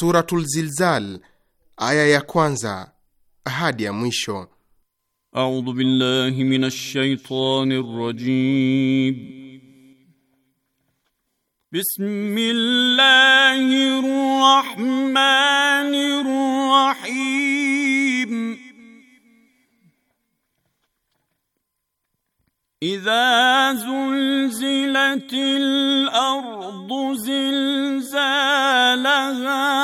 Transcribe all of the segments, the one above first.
Suratul Zilzal aya ya kwanza hadi ya mwisho. A'udhu billahi minash shaitanir rajim. Bismillahir rahmanir rahim. إذا زلزلت الأرض زلزالها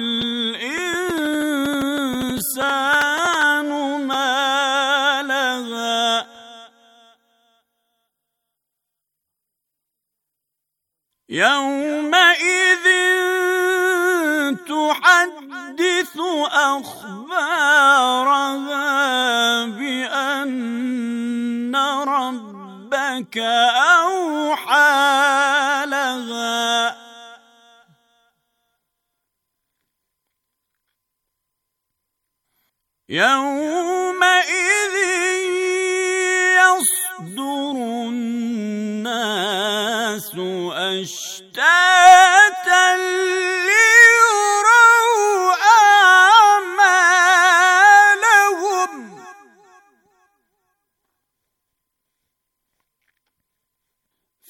أخبارها بأن ربك أوحى لها يومئذ يصدر الناس أشتاتا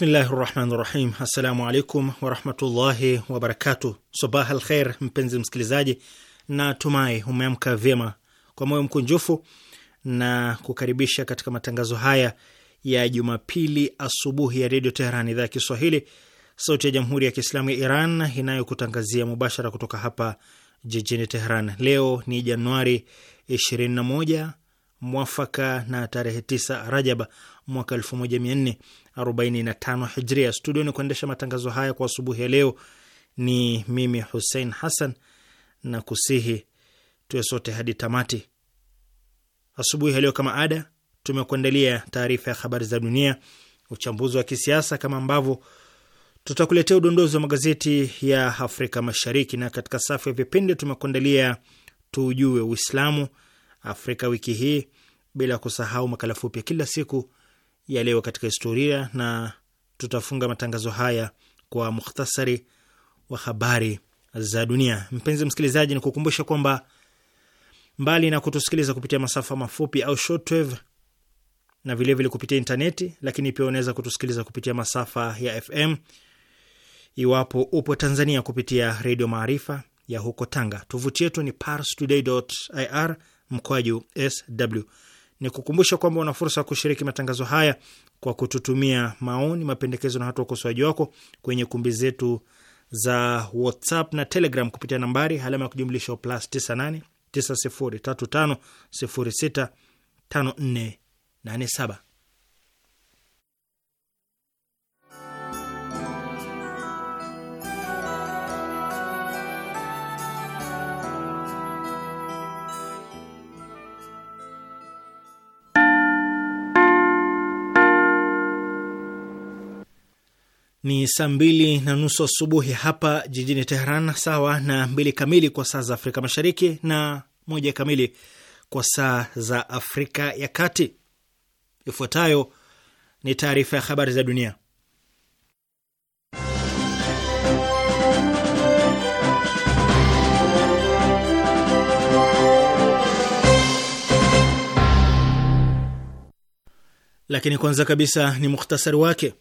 Bismillahi rahmani rahim. Assalamu alaikum warahmatullahi wabarakatuh. Sabah al kheir, mpenzi msikilizaji, na tumai umeamka vyema. Kwa moyo mkunjufu na kukaribisha katika matangazo haya ya Jumapili asubuhi ya Redio Teheran, idhaa ya Kiswahili, sauti ya Jamhuri ya Kiislamu ya Iran inayokutangazia mubashara kutoka hapa jijini Teheran. Leo ni Januari 21 mwafaka na tarehe 9 Rajaba mwaka 45 hijria. Studio ni kuendesha matangazo haya kwa asubuhi ya leo ni mimi Hussein Hassan, na kusihi tuwe sote hadi tamati. Asubuhi ya leo kama ada, tumekuandalia taarifa ya habari za dunia, uchambuzi wa kisiasa, kama ambavyo tutakuletea udondozi wa magazeti ya Afrika Mashariki, na katika safu ya vipindi tumekuandalia tujue Uislamu Afrika wiki hii, bila kusahau makala fupi ya kila siku ya leo katika historia, na tutafunga matangazo haya kwa mukhtasari wa habari za dunia. Mpenzi msikilizaji, ni kukumbusha kwamba mbali na kutusikiliza kupitia masafa mafupi au shortwave na vilevile vile kupitia intaneti, lakini pia unaweza kutusikiliza kupitia masafa ya FM iwapo upo Tanzania, kupitia Redio Maarifa ya huko Tanga. Tovuti yetu ni parstoday.ir mkoaju sw ni kukumbusha kwamba una fursa ya kushiriki matangazo haya kwa kututumia maoni, mapendekezo na hata ukosoaji wako kwenye kumbi zetu za WhatsApp na Telegram kupitia nambari alama ya kujumlisha plus 98 9035065487. ni saa mbili na nusu asubuhi hapa jijini Teheran, sawa na mbili kamili kwa saa za Afrika Mashariki na moja kamili kwa saa za Afrika ya Kati. Ifuatayo ni taarifa ya habari za dunia, lakini kwanza kabisa ni muhtasari wake.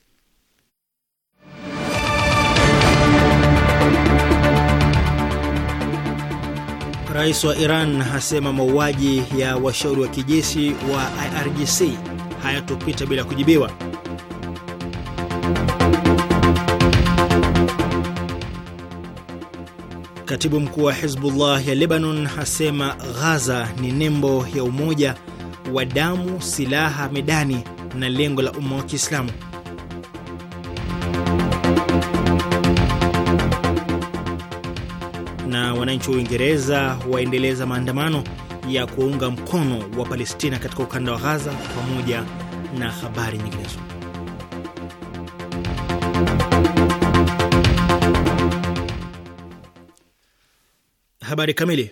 Rais wa Iran asema mauaji ya washauri wa kijeshi wa IRGC hayatopita bila kujibiwa. Katibu mkuu wa Hizbullah ya Lebanon asema Ghaza ni nembo ya umoja wa damu, silaha, medani na lengo la umma wa Kiislamu. wananchi wa Uingereza waendeleza maandamano ya kuunga mkono wa Palestina katika ukanda wa Ghaza, pamoja na habari nyinginezo. Habari kamili.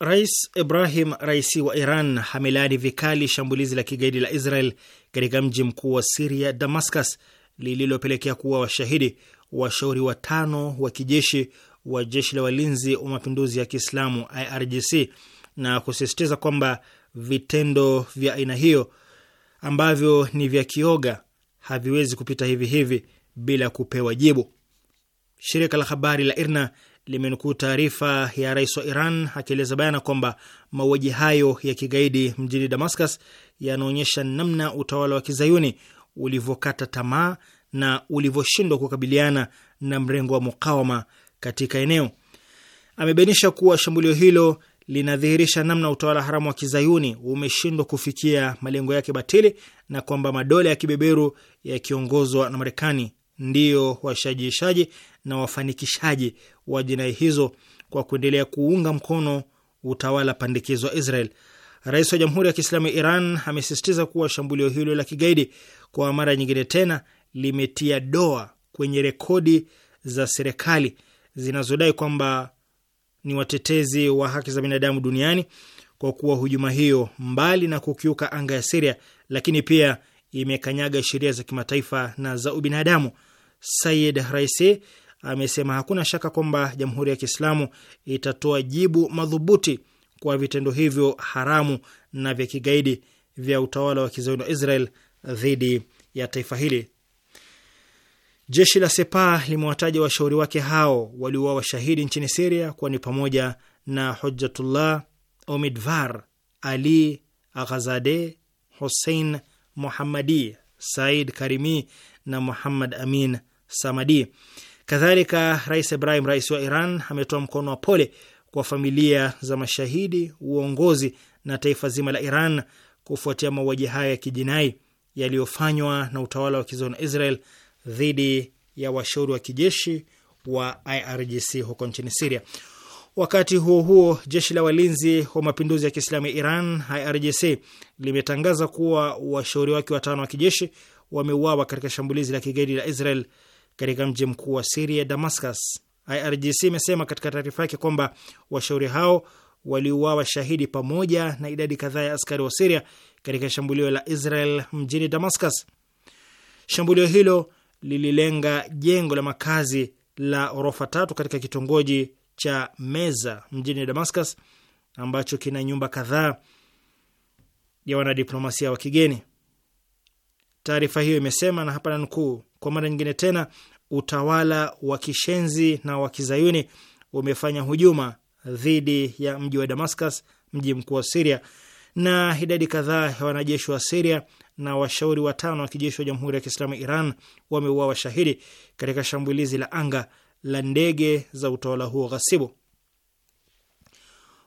Rais Ibrahim Raisi wa Iran amelaani vikali shambulizi la kigaidi la Israel katika mji mkuu wa Siria, Damascus, lililopelekea kuwa washahidi washauri watano wa kijeshi wa jeshi la walinzi wa mapinduzi ya Kiislamu IRGC na kusisitiza kwamba vitendo vya aina hiyo ambavyo ni vya kioga haviwezi kupita hivi hivi bila kupewa jibu. Shirika la habari la IRNA limenukuu taarifa ya rais wa Iran akieleza bayana kwamba mauaji hayo ya kigaidi mjini Damascus yanaonyesha namna utawala wa kizayuni ulivyokata tamaa na ulivyoshindwa kukabiliana na mrengo wa mukawama katika eneo. Amebainisha kuwa shambulio hilo linadhihirisha namna utawala haramu wa kizayuni umeshindwa kufikia malengo yake batili na kwamba madola ya kibeberu yakiongozwa na Marekani ndiyo washajiishaji na wafanikishaji wa jinai hizo kwa kuendelea kuunga mkono utawala pandikizo wa Israel. Rais wa Jamhuri ya Kiislamu ya Iran amesisitiza kuwa shambulio hilo la kigaidi kwa mara nyingine tena limetia doa kwenye rekodi za serikali zinazodai kwamba ni watetezi wa haki za binadamu duniani kwa kuwa hujuma hiyo, mbali na kukiuka anga ya Siria, lakini pia imekanyaga sheria za kimataifa na za ubinadamu. Sayid Raisi amesema hakuna shaka kwamba Jamhuri ya Kiislamu itatoa jibu madhubuti kwa vitendo hivyo haramu na vya kigaidi vya utawala wa kizayuni wa Israel dhidi ya taifa hili. Jeshi la Sepa limewataja washauri wake hao waliouawa shahidi nchini Siria kuwa ni pamoja na Hujatullah Omidvar, Ali Aghazade, Hussein Muhammadi, Said Karimi na Muhammad Amin Samadi. Kadhalika, Rais Ibrahim Raisi wa Iran ametoa mkono wa pole kwa familia za mashahidi, uongozi na taifa zima la Iran kufuatia mauaji hayo ya kijinai yaliyofanywa na utawala wa kizona Israel dhidi ya washauri wa kijeshi wa IRGC huko nchini Siria. Wakati huo huo, jeshi la walinzi wa mapinduzi ya Kiislamu ya Iran IRGC limetangaza kuwa washauri wake watano wa kijeshi wameuawa katika shambulizi la kigaidi la Israel katika mji mkuu wa Siria, Damascus. IRGC imesema katika taarifa yake kwamba washauri hao waliuawa shahidi pamoja na idadi kadhaa ya askari wa Siria katika shambulio la Israel mjini Damascus. Shambulio hilo lililenga jengo la makazi la ghorofa tatu katika kitongoji cha Meza mjini Damascus ambacho kina nyumba kadhaa ya wanadiplomasia wa kigeni. Taarifa hiyo imesema, na hapa nanukuu: kwa mara nyingine tena utawala wa kishenzi na wa kizayuni umefanya hujuma dhidi ya mji wa Damascus, mji mkuu wa Siria, na idadi kadhaa ya wanajeshi wa Siria na washauri watano wa kijeshi wa Jamhuri ya Kiislamu Iran wameuawa washahidi katika shambulizi la anga la ndege za utawala huo ghasibu.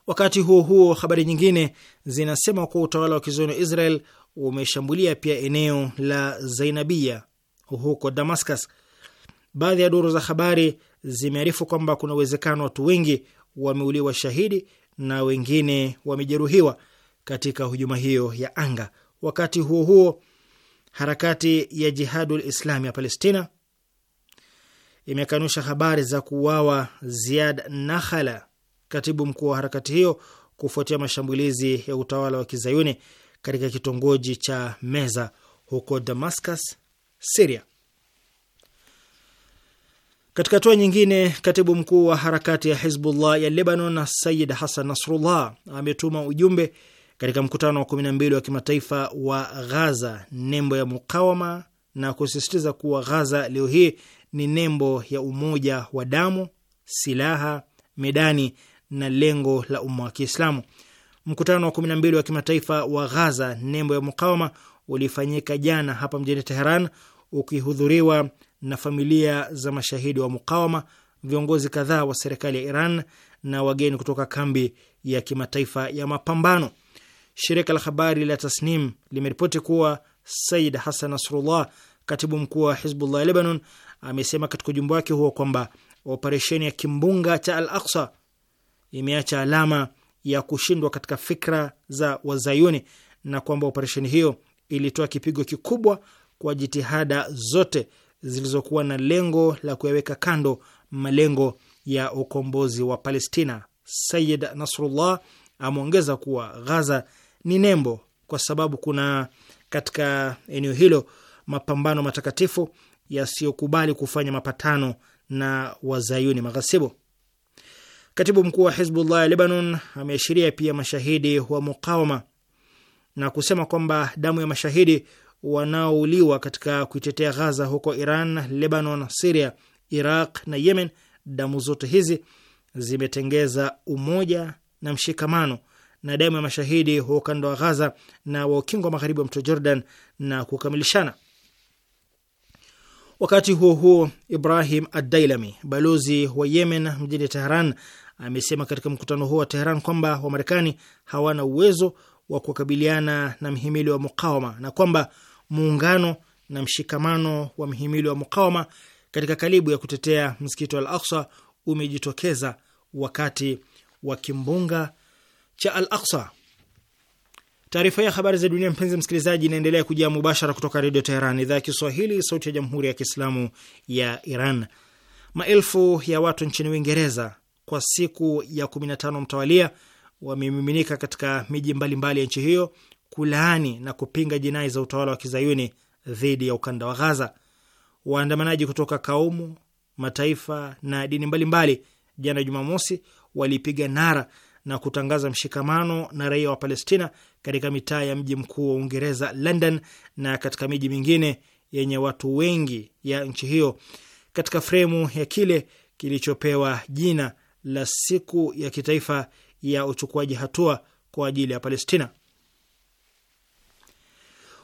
Wakati huo huo, habari nyingine zinasema kuwa utawala wa kizayuni wa Israel umeshambulia pia eneo la Zainabia huko Damascus. Baadhi ya duru za habari zimearifu kwamba kuna uwezekano watu wengi wameuliwa shahidi na wengine wamejeruhiwa katika hujuma hiyo ya anga. Wakati huo huo, harakati ya Jihadul islam ya Palestina imekanusha habari za kuuawa Ziad Nakhala, katibu mkuu wa harakati hiyo, kufuatia mashambulizi ya utawala wa kizayuni katika kitongoji cha Meza huko Damascus, Siria. Katika hatua nyingine, katibu mkuu wa harakati ya Hizbullah ya Lebanon, Sayid Hasan Nasrullah, ametuma ujumbe katika mkutano wa mbili wa kimataifa wa Ghaza nembo ya mukawama na kusisitiza kuwa Ghaza leo hii ni nembo ya umoja wa damu, silaha, medani na lengo la umma wa Kiislamu. Mkutano wa mbili wa kimataifa wa Ghaza nembo ya mukawama ulifanyika jana hapa mjini Teheran, ukihudhuriwa na familia za mashahidi wa mukawama, viongozi kadhaa wa serikali ya Iran na wageni kutoka kambi ya kimataifa ya mapambano. Shirika la habari la Tasnim limeripoti kuwa Said Hassan Nasrullah, katibu mkuu wa Hizbullah Lebanon, amesema katika ujumbe wake huo kwamba operesheni ya kimbunga cha Al Aksa imeacha alama ya kushindwa katika fikra za Wazayuni na kwamba operesheni hiyo ilitoa kipigo kikubwa kwa jitihada zote zilizokuwa na lengo la kuyaweka kando malengo ya ukombozi wa Palestina. Sayid Nasrullah ameongeza kuwa Ghaza ni nembo, kwa sababu kuna katika eneo hilo mapambano matakatifu yasiyokubali kufanya mapatano na wazayuni maghasibu. Katibu mkuu wa Hizbullah ya Lebanon ameashiria pia mashahidi wa mukawama na kusema kwamba damu ya mashahidi wanaouliwa katika kuitetea Ghaza huko Iran, Lebanon, Siria, Iraq na Yemen, damu zote hizi zimetengeza umoja na mshikamano na damu ya mashahidi wa ukanda wa Ghaza na wa ukingo wa magharibi wa mto Jordan na kukamilishana. Wakati huo huo, Ibrahim adailami balozi wa Yemen mjini Teheran, amesema katika mkutano huo wa Teheran kwamba Wamarekani hawana uwezo wa kukabiliana na mhimili wa mukawama na kwamba muungano na mshikamano wa mhimili wa mukawama katika kalibu ya kutetea msikiti wa Al Aksa umejitokeza wakati wa kimbunga cha Al Aksa. Taarifa ya habari za dunia, mpenzi msikilizaji, inaendelea kujia mubashara kutoka Redio Teheran, idhaa ya Kiswahili, sauti ya jamhuri ya kiislamu ya Iran. Maelfu ya watu nchini Uingereza kwa siku ya 15 mtawalia wamemiminika katika miji mbalimbali ya nchi hiyo kulaani na kupinga jinai za utawala wa kizayuni dhidi ya ukanda wa Ghaza. Waandamanaji kutoka kaumu, mataifa na dini mbalimbali, jana Jumamosi, walipiga nara na kutangaza mshikamano na raia wa Palestina katika mitaa ya mji mkuu wa Uingereza, London, na katika miji mingine yenye watu wengi ya nchi hiyo katika fremu ya kile kilichopewa jina la siku ya kitaifa ya uchukuaji hatua kwa ajili ya Palestina.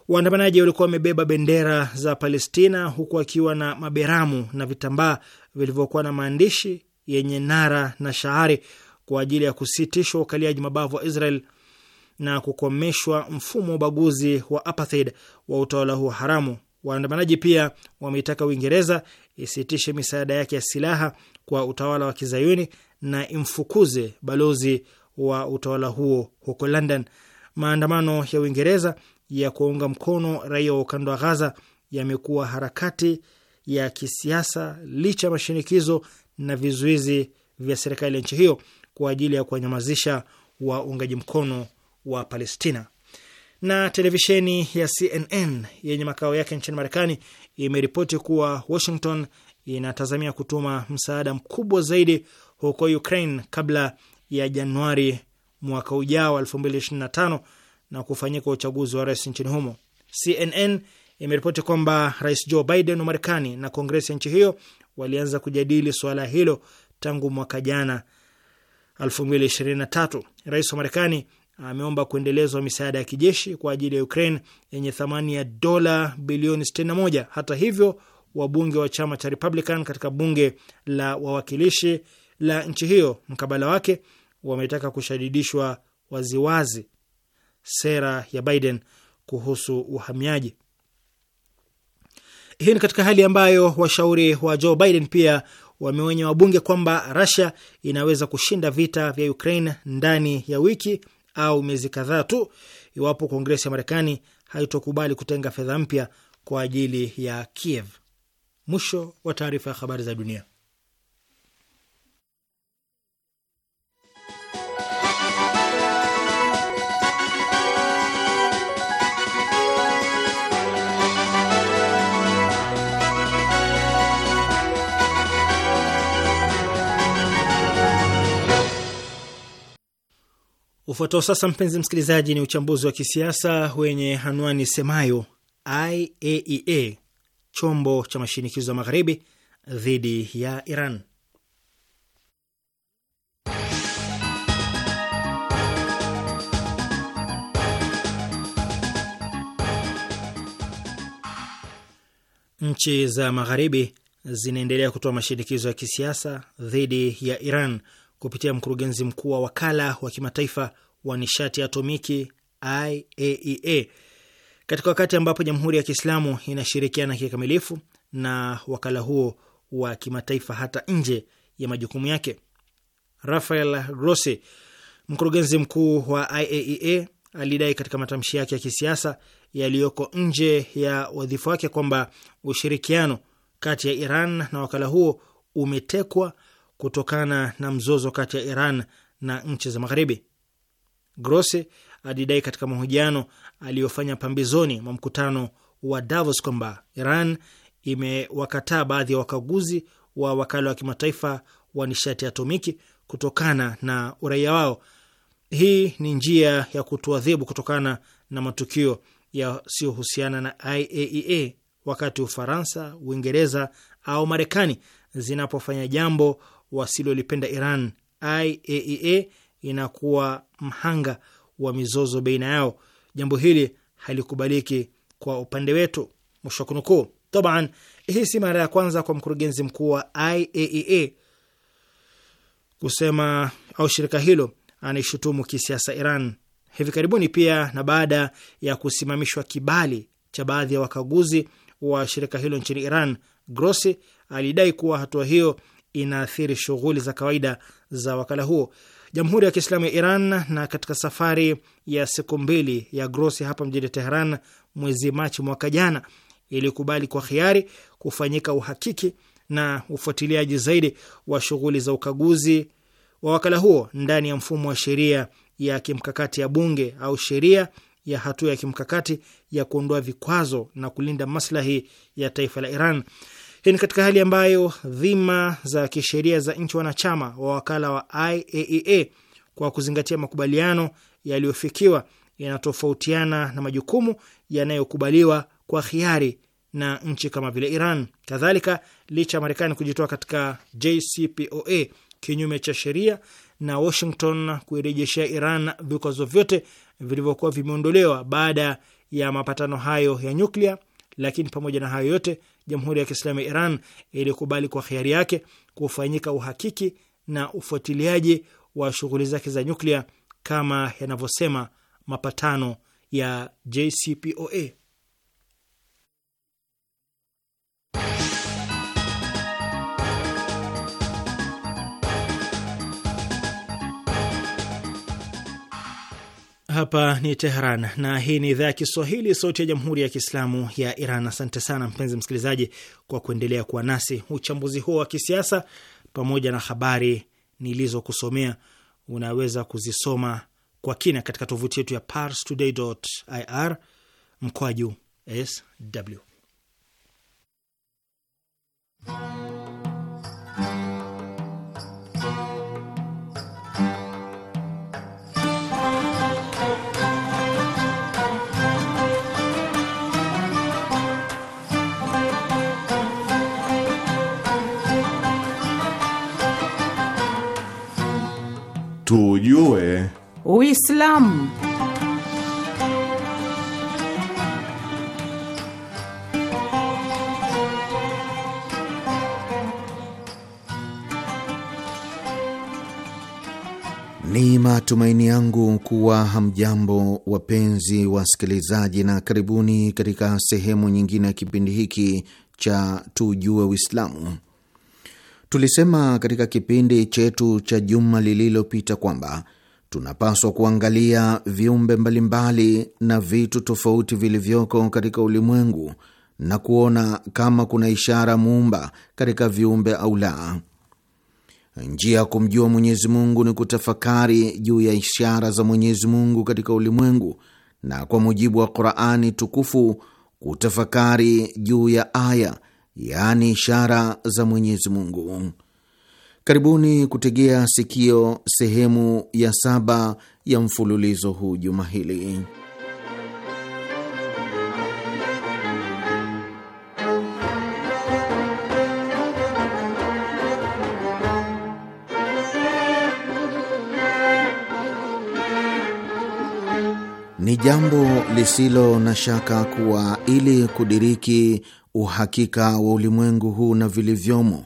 Waandamanaji walikuwa wamebeba bendera za Palestina huku wakiwa na maberamu na vitambaa vilivyokuwa na maandishi yenye nara na shaari kwa ajili ya kusitishwa ukaliaji mabavu wa Israel na kukomeshwa mfumo wa ubaguzi wa apartheid wa utawala huo haramu. Waandamanaji pia wameitaka Uingereza isitishe misaada yake ya silaha kwa utawala wa kizayuni na imfukuze balozi wa utawala huo huko London. Maandamano ya Uingereza ya kuwaunga mkono raia wa ukanda wa Ghaza yamekuwa harakati ya kisiasa licha ya mashinikizo na vizuizi vya serikali ya nchi hiyo kwa ajili ya kuwanyamazisha waungaji mkono wa Palestina. Na televisheni ya CNN yenye makao yake nchini Marekani imeripoti kuwa Washington inatazamia kutuma msaada mkubwa zaidi huko Ukraine kabla ya Januari mwaka ujao 2025 na kufanyika uchaguzi wa rais nchini humo. CNN imeripoti kwamba Rais Joe Biden wa Marekani na Kongresi ya nchi hiyo walianza kujadili suala hilo tangu mwaka jana 2023. Rais wa Marekani ameomba kuendelezwa misaada ya kijeshi kwa ajili ya Ukraine yenye thamani ya dola bilioni 61. Hata hivyo, wabunge wa chama cha Republican katika bunge la wawakilishi la nchi hiyo mkabala wake wametaka kushadidishwa waziwazi sera ya Biden kuhusu uhamiaji. Hii ni katika hali ambayo washauri wa Joe Biden pia wameonya wabunge kwamba Russia inaweza kushinda vita vya Ukraine ndani ya wiki au miezi kadhaa tu iwapo Kongresi ya Marekani haitokubali kutenga fedha mpya kwa ajili ya Kiev. Mwisho wa taarifa ya habari za dunia. Ufuatao sasa, mpenzi msikilizaji, ni uchambuzi wa kisiasa wenye anwani semayo IAEA, e chombo cha mashinikizo ya magharibi dhidi ya Iran. Nchi za magharibi zinaendelea kutoa mashinikizo ya kisiasa dhidi ya Iran kupitia mkurugenzi mkuu wa wakala wa kimataifa wa nishati atomiki IAEA e katika wakati ambapo Jamhuri ya Kiislamu inashirikiana kikamilifu na wakala huo wa kimataifa hata nje ya majukumu yake. Rafael Grossi, mkurugenzi mkuu wa IAEA, e alidai katika matamshi yake ya kisiasa yaliyoko nje ya wadhifa wake kwamba ushirikiano kati ya Iran na wakala huo umetekwa kutokana na mzozo kati ya Iran na nchi za Magharibi. Grossi alidai katika mahojiano aliyofanya pambizoni mwa mkutano wa Davos kwamba Iran imewakataa baadhi ya wakaguzi wa wakala wa kimataifa wa nishati ya atomiki kutokana na uraia wao. Hii ni njia ya kutuadhibu kutokana na matukio yasiyohusiana na IAEA e wakati Ufaransa, Uingereza au Marekani zinapofanya jambo wasilolipenda Iran, IAEA e inakuwa mhanga wa mizozo baina yao. Jambo hili halikubaliki kwa upande wetu, mwisho wa kunukuu. Taban, hii si mara ya kwanza kwa mkurugenzi mkuu wa IAEA e kusema au shirika hilo anaishutumu kisiasa Iran. Hivi karibuni pia na baada ya kusimamishwa kibali cha baadhi ya wakaguzi wa shirika hilo nchini Iran, Grossi alidai kuwa hatua hiyo inaathiri shughuli za kawaida za wakala huo. Jamhuri ya Kiislamu ya Iran na katika safari ya siku mbili ya Grossi hapa mjini teheran mwezi Machi mwaka jana ilikubali kwa hiari kufanyika uhakiki na ufuatiliaji zaidi wa shughuli za ukaguzi wa wakala huo ndani ya mfumo wa sheria ya kimkakati ya bunge au sheria ya hatua ya kimkakati ya kuondoa vikwazo na kulinda maslahi ya taifa la Iran. Hii ni katika hali ambayo dhima za kisheria za nchi wanachama wa wakala wa IAEA e kwa kuzingatia makubaliano yaliyofikiwa yanatofautiana na majukumu yanayokubaliwa kwa hiari na nchi kama vile Iran. Kadhalika, licha ya Marekani kujitoa katika JCPOA kinyume cha sheria na Washington kuirejeshea Iran vikwazo vyote vilivyokuwa vimeondolewa baada ya mapatano hayo ya nyuklia, lakini pamoja na hayo yote Jamhuri ya Kiislamu ya Iran ilikubali kwa hiari yake kufanyika uhakiki na ufuatiliaji wa shughuli zake za nyuklia kama yanavyosema mapatano ya JCPOA. Hapa ni Tehran na hii ni idhaa ya Kiswahili, sauti ya jamhuri ya kiislamu ya Iran. Asante sana mpenzi msikilizaji kwa kuendelea kuwa nasi. Uchambuzi huo wa kisiasa pamoja na habari nilizokusomea unaweza kuzisoma kwa kina katika tovuti yetu ya parstoday.ir juu sw tujue Uislamu. Ni matumaini yangu kuwa hamjambo wapenzi wasikilizaji, na karibuni katika sehemu nyingine ya kipindi hiki cha tujue Uislamu. Tulisema katika kipindi chetu cha juma lililopita kwamba tunapaswa kuangalia viumbe mbalimbali na vitu tofauti vilivyoko katika ulimwengu na kuona kama kuna ishara muumba katika viumbe au la. Njia ya kumjua Mwenyezi Mungu ni kutafakari juu ya ishara za Mwenyezi Mungu katika ulimwengu, na kwa mujibu wa Qur'ani tukufu kutafakari juu ya aya yaani ishara za Mwenyezi Mungu. Karibuni kutegea sikio sehemu ya saba ya mfululizo huu juma hili. Ni jambo lisilo na shaka kuwa ili kudiriki uhakika wa ulimwengu huu na vilivyomo,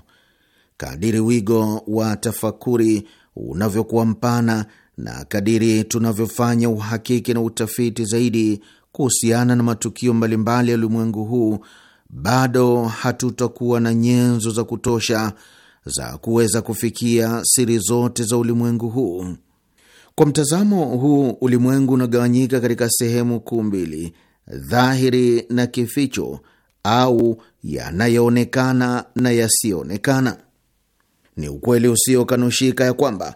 kadiri wigo wa tafakuri unavyokuwa mpana na kadiri tunavyofanya uhakiki na utafiti zaidi kuhusiana na matukio mbalimbali ya ulimwengu huu, bado hatutakuwa na nyenzo za kutosha za kuweza kufikia siri zote za ulimwengu huu. Kwa mtazamo huu, ulimwengu unagawanyika katika sehemu kuu mbili, dhahiri na kificho, au yanayoonekana na yasiyoonekana. Ni ukweli usiokanushika ya kwamba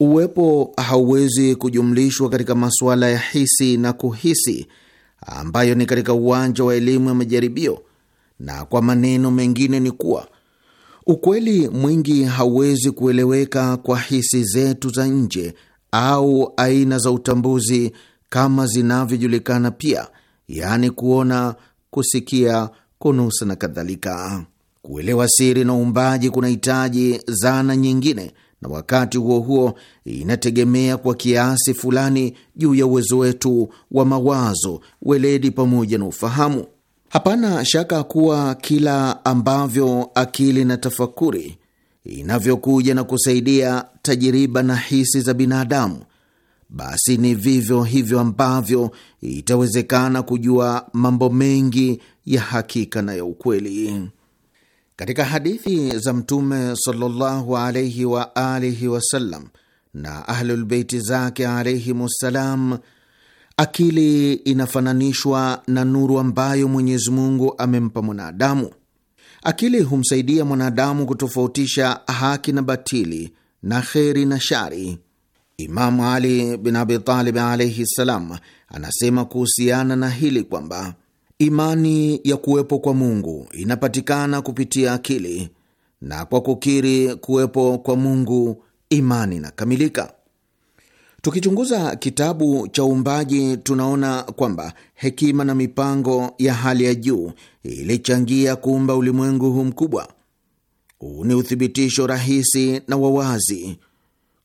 uwepo hauwezi kujumlishwa katika masuala ya hisi na kuhisi, ambayo ni katika uwanja wa elimu ya majaribio, na kwa maneno mengine ni kuwa ukweli mwingi hauwezi kueleweka kwa hisi zetu za nje au aina za utambuzi kama zinavyojulikana pia, yaani kuona, kusikia kunusa na kadhalika. Kuelewa siri na uumbaji kunahitaji zana nyingine, na wakati huo huo inategemea kwa kiasi fulani juu ya uwezo wetu wa mawazo, weledi pamoja na ufahamu. Hapana shaka kuwa kila ambavyo akili na tafakuri inavyokuja na kusaidia tajiriba na hisi za binadamu basi ni vivyo hivyo ambavyo itawezekana kujua mambo mengi ya hakika na ya ukweli. Katika hadithi za Mtume sallallahu alaihi wa alihi wasallam na Ahlulbeiti zake alaihimussalam, akili inafananishwa na nuru ambayo Mwenyezi Mungu amempa mwanadamu. Akili humsaidia mwanadamu kutofautisha haki na batili na kheri na shari. Imamu Ali bin Abitalib alaihi ssalam anasema kuhusiana na hili kwamba imani ya kuwepo kwa Mungu inapatikana kupitia akili, na kwa kukiri kuwepo kwa Mungu imani inakamilika. Tukichunguza kitabu cha uumbaji tunaona kwamba hekima na mipango ya hali ya juu ilichangia kuumba ulimwengu huu mkubwa. Huu ni uthibitisho rahisi na wawazi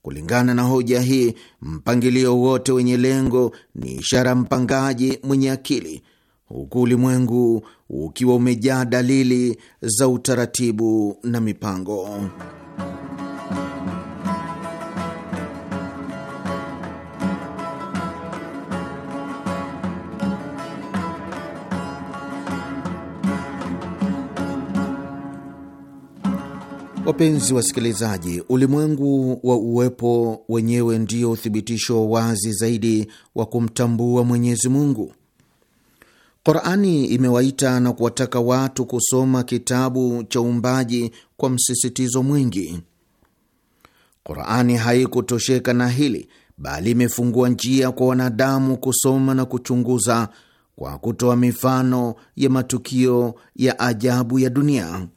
Kulingana na hoja hii, mpangilio wote wenye lengo ni ishara mpangaji mwenye akili, huku ulimwengu ukiwa umejaa dalili za utaratibu na mipango. Wapenzi wasikilizaji, ulimwengu wa uwepo wenyewe ndio uthibitisho wazi zaidi wa kumtambua Mwenyezi Mungu. Qurani imewaita na kuwataka watu kusoma kitabu cha uumbaji kwa msisitizo mwingi. Qurani haikutosheka na hili, bali imefungua njia kwa wanadamu kusoma na kuchunguza kwa kutoa mifano ya matukio ya ajabu ya dunia.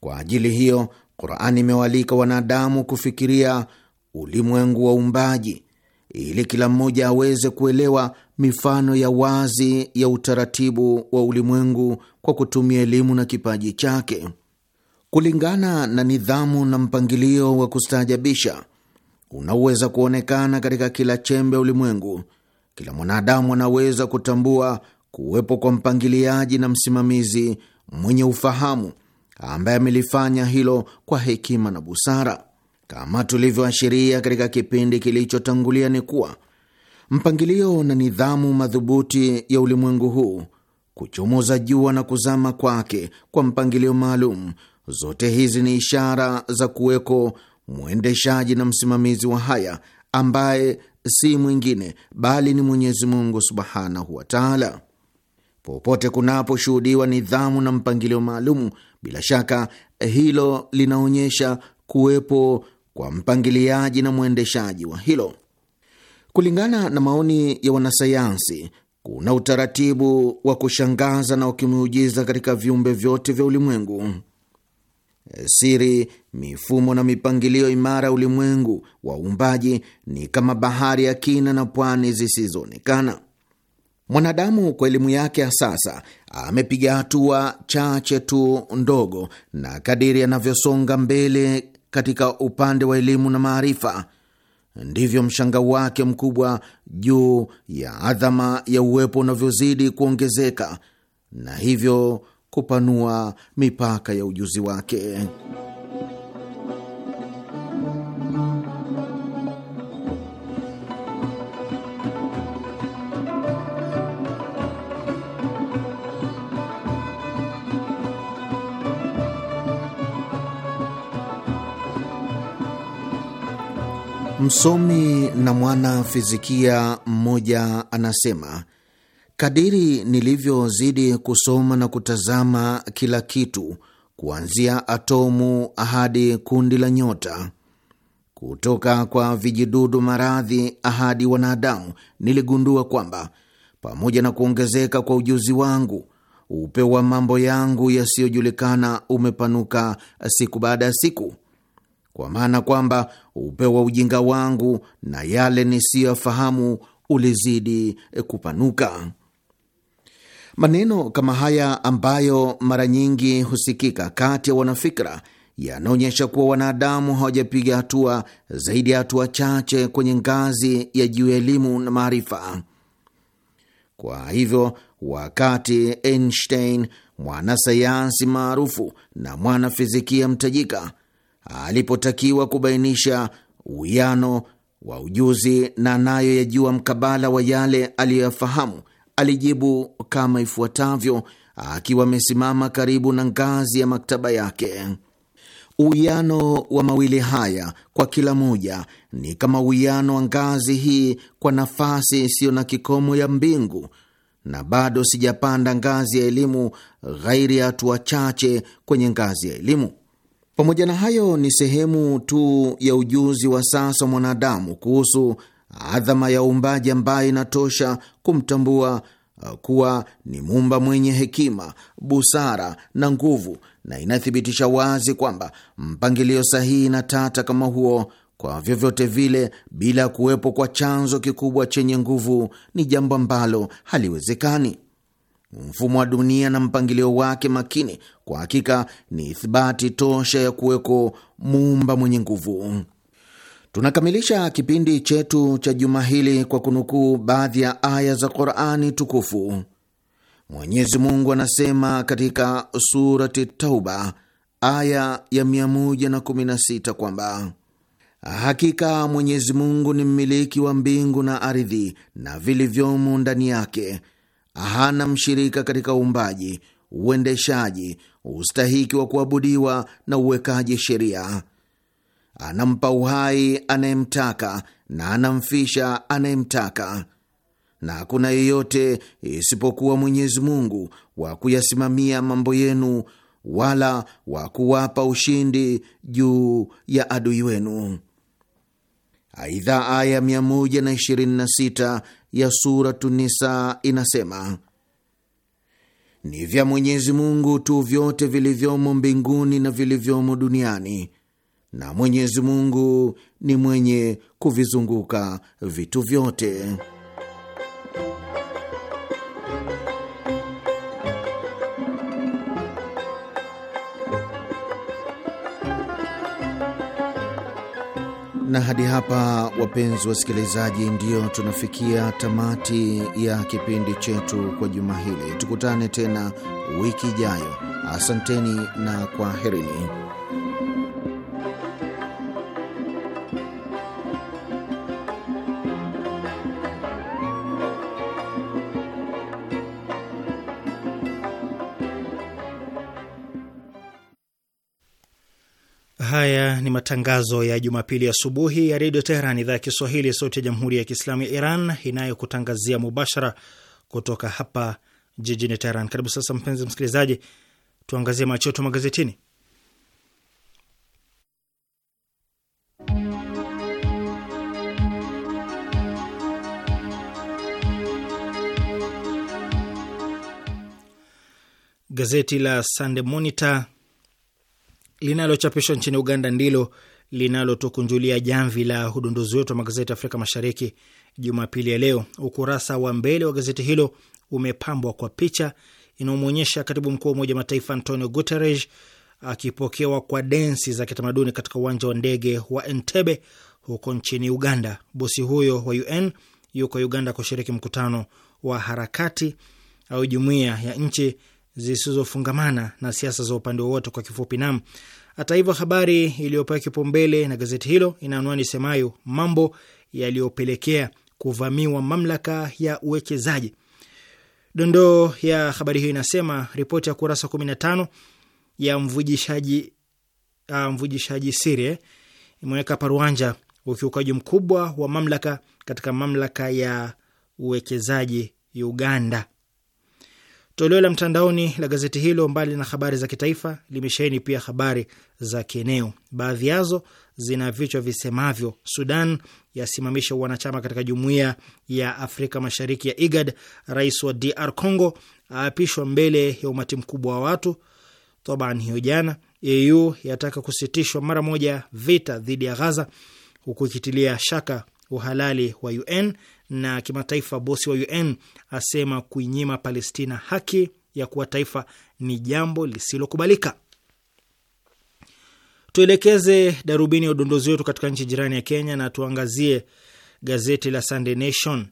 Kwa ajili hiyo, Qurani imewaalika wanadamu kufikiria ulimwengu wa uumbaji ili kila mmoja aweze kuelewa mifano ya wazi ya utaratibu wa ulimwengu kwa kutumia elimu na kipaji chake kulingana na nidhamu na mpangilio wa kustaajabisha unaoweza kuonekana katika kila chembe ya ulimwengu. Kila mwanadamu anaweza kutambua kuwepo kwa mpangiliaji na msimamizi mwenye ufahamu ambaye amelifanya hilo kwa hekima na busara. Kama tulivyoashiria katika kipindi kilichotangulia, ni kuwa mpangilio na nidhamu madhubuti ya ulimwengu huu, kuchomoza jua na kuzama kwake kwa mpangilio maalum, zote hizi ni ishara za kuweko mwendeshaji na msimamizi wa haya ambaye si mwingine bali ni Mwenyezi Mungu subhanahu wa taala. Popote kunaposhuhudiwa nidhamu na mpangilio maalumu bila shaka hilo linaonyesha kuwepo kwa mpangiliaji na mwendeshaji wa hilo. Kulingana na maoni ya wanasayansi, kuna utaratibu wa kushangaza na wakimuujiza katika viumbe vyote vya ulimwengu. Siri, mifumo na mipangilio imara ya ulimwengu wa uumbaji ni kama bahari ya kina na pwani zisizoonekana. Mwanadamu kwa elimu yake ya sasa amepiga hatua chache tu ndogo, na kadiri anavyosonga mbele katika upande wa elimu na maarifa, ndivyo mshangao wake mkubwa juu ya adhama ya uwepo unavyozidi kuongezeka na hivyo kupanua mipaka ya ujuzi wake. Msomi na mwana fizikia mmoja anasema, kadiri nilivyozidi kusoma na kutazama kila kitu kuanzia atomu hadi kundi la nyota, kutoka kwa vijidudu maradhi hadi wanadamu, niligundua kwamba pamoja na kuongezeka kwa ujuzi wangu, upeo wa mambo yangu yasiyojulikana umepanuka siku baada ya siku kwa maana kwamba upewa ujinga wangu na yale nisiyofahamu ulizidi eh, kupanuka. Maneno kama haya ambayo mara nyingi husikika kati ya wanafikra yanaonyesha kuwa wanadamu hawajapiga hatua zaidi ya hatua chache kwenye ngazi ya juu ya elimu na maarifa. Kwa hivyo, wakati Einstein mwanasayansi maarufu na mwanafizikia mtajika alipotakiwa kubainisha uwiano wa ujuzi na anayoyajua mkabala wa yale aliyoyafahamu, alijibu kama ifuatavyo, akiwa amesimama karibu na ngazi ya maktaba yake. Uwiano wa mawili haya kwa kila moja ni kama uwiano wa ngazi hii kwa nafasi isiyo na kikomo ya mbingu, na bado sijapanda ngazi ya elimu ghairi ya hatua chache kwenye ngazi ya elimu. Pamoja na hayo, ni sehemu tu ya ujuzi wa sasa mwanadamu kuhusu adhama ya uumbaji ambayo inatosha kumtambua uh, kuwa ni muumba mwenye hekima, busara na nguvu, na inathibitisha wazi kwamba mpangilio sahihi na tata kama huo, kwa vyovyote vile, bila kuwepo kwa chanzo kikubwa chenye nguvu, ni jambo ambalo haliwezekani mfumo wa dunia na mpangilio wake makini, kwa hakika ni ithibati tosha ya kuweko muumba mwenye nguvu. Tunakamilisha kipindi chetu cha juma hili kwa kunukuu baadhi ya aya za Qurani Tukufu. Mwenyezi Mungu anasema katika Surati Tauba aya ya 116 kwamba hakika Mwenyezi Mungu ni mmiliki wa mbingu na ardhi na vilivyomo ndani yake hana mshirika katika uumbaji, uendeshaji, ustahiki wa kuabudiwa na uwekaji sheria. Anampa uhai anayemtaka na anamfisha anayemtaka, na hakuna yeyote isipokuwa Mwenyezi Mungu wa kuyasimamia mambo yenu wala wa kuwapa ushindi juu ya adui wenu. Aidha, aya 126 ya Suratu Nisa inasema: ni vya Mwenyezi Mungu tu vyote vilivyomo mbinguni na vilivyomo duniani, na Mwenyezi Mungu ni mwenye kuvizunguka vitu vyote. na hadi hapa, wapenzi wasikilizaji, ndio tunafikia tamati ya kipindi chetu kwa juma hili. Tukutane tena wiki ijayo. Asanteni na kwaherini. haya ni matangazo ya Jumapili asubuhi ya, ya redio Teheran, idhaa ya Kiswahili, sauti ya jamhuri ya kiislamu ya Iran inayokutangazia mubashara kutoka hapa jijini Teheran. Karibu sasa, mpenzi msikilizaji, tuangazie machoto magazetini. Gazeti la Sunday Monitor linalochapishwa nchini Uganda ndilo linalotukunjulia jamvi la udondozi wetu wa magazeti ya Afrika Mashariki Jumapili ya leo. Ukurasa wa mbele wa gazeti hilo umepambwa kwa picha inayomwonyesha katibu mkuu wa Umoja Mataifa Antonio Guterres akipokewa kwa densi za kitamaduni katika uwanja wa ndege wa Entebbe huko nchini Uganda. Bosi huyo wa UN yuko Uganda kushiriki mkutano wa harakati au jumuiya ya nchi zisizofungamana na siasa za upande wowote, kwa kifupi NAM. Hata hivyo, habari iliyopewa kipaumbele na gazeti hilo ina anwani semayo mambo yaliyopelekea kuvamiwa mamlaka ya uwekezaji. Dondoo ya habari hiyo inasema ripoti ya kurasa 15 ya mvujishaji, ah, mvujishaji siri eh, imeweka paruanja ukiukaji mkubwa wa mamlaka katika mamlaka ya uwekezaji Uganda Toleo la mtandaoni la gazeti hilo, mbali na habari za kitaifa, limesheheni pia habari za kieneo. Baadhi yazo zina vichwa visemavyo: Sudan yasimamisha wanachama katika jumuiya ya Afrika Mashariki ya IGAD, rais wa DR Congo aapishwa mbele ya umati mkubwa wa watu Toban hiyo jana. EU yataka kusitishwa mara moja vita dhidi ya Ghaza, huku ikitilia shaka uhalali wa UN na kimataifa, bosi wa UN asema kuinyima Palestina haki ya kuwa taifa ni jambo lisilokubalika. Tuelekeze darubini ya udondozi wetu katika nchi jirani ya Kenya na tuangazie gazeti la Sunday Nation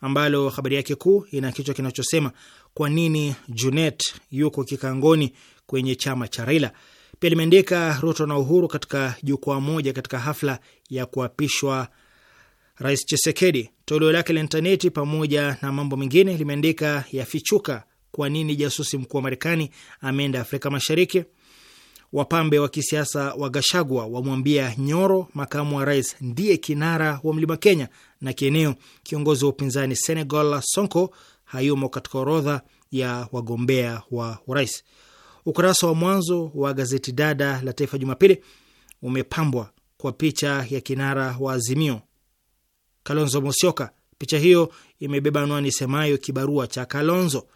ambalo habari yake kuu ina kichwa kinachosema kwa nini Junet yuko kikangoni kwenye chama cha Raila. Pia limeandika Ruto na Uhuru katika jukwaa moja katika hafla ya kuapishwa Rais Chisekedi, toleo lake la intaneti pamoja na mambo mengine limeandika yafichuka kwa nini jasusi mkuu wa Marekani ameenda Afrika Mashariki. Wapambe wa kisiasa wa Gashagwa wamwambia Nyoro makamu wa rais ndiye kinara wa mlima Kenya, na kieneo kiongozi wa upinzani Senegal Sonko hayumo katika orodha ya wagombea wa urais. Ukurasa wa mwanzo wa gazeti dada la Taifa Jumapili umepambwa kwa picha ya kinara wa Azimio Kalonzo Musyoka. Picha hiyo imebeba anwani semayo kibarua cha Kalonzo.